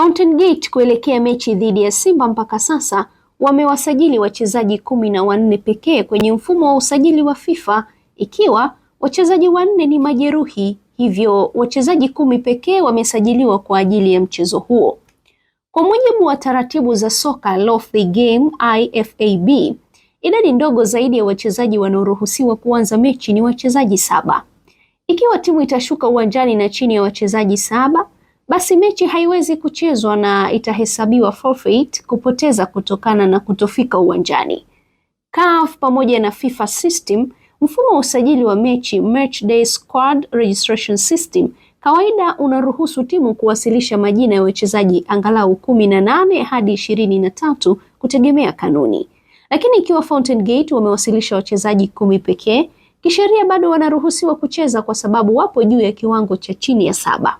Fountain Gate kuelekea mechi dhidi ya Simba mpaka sasa wamewasajili wachezaji kumi na wanne pekee kwenye mfumo wa usajili wa FIFA, ikiwa wachezaji wanne ni majeruhi, hivyo wachezaji kumi pekee wamesajiliwa kwa ajili ya mchezo huo. Kwa mujibu wa taratibu za soka Love the Game IFAB, idadi ndogo zaidi ya wachezaji wanaoruhusiwa kuanza mechi ni wachezaji saba. Ikiwa timu itashuka uwanjani na chini ya wachezaji saba basi mechi haiwezi kuchezwa na itahesabiwa forfeit, kupoteza kutokana na kutofika uwanjani. CAF pamoja na FIFA system, mfumo wa usajili wa mechi match day squad registration system, kawaida unaruhusu timu kuwasilisha majina ya wachezaji angalau kumi na nane hadi ishirini na tatu kutegemea kanuni, lakini ikiwa Fountain Gate wamewasilisha wachezaji kumi pekee, kisheria bado wanaruhusiwa kucheza kwa sababu wapo juu ya kiwango cha chini ya saba.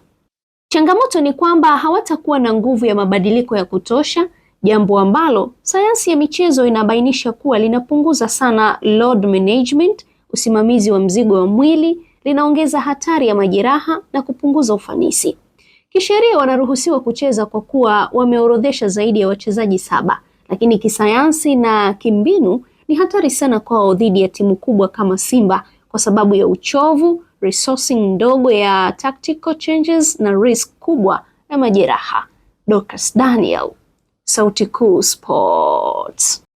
Changamoto ni kwamba hawatakuwa na nguvu ya mabadiliko ya kutosha, jambo ambalo sayansi ya michezo inabainisha kuwa linapunguza sana load management, usimamizi wa mzigo wa mwili, linaongeza hatari ya majeraha na kupunguza ufanisi. Kisheria wanaruhusiwa kucheza kwa kuwa wameorodhesha zaidi ya wachezaji saba, lakini kisayansi na kimbinu ni hatari sana kwao dhidi ya timu kubwa kama Simba kwa sababu ya uchovu, resourcing ndogo ya tactical changes na risk kubwa ya majeraha. Dorcas Daniel, Sauti Kuu Sports.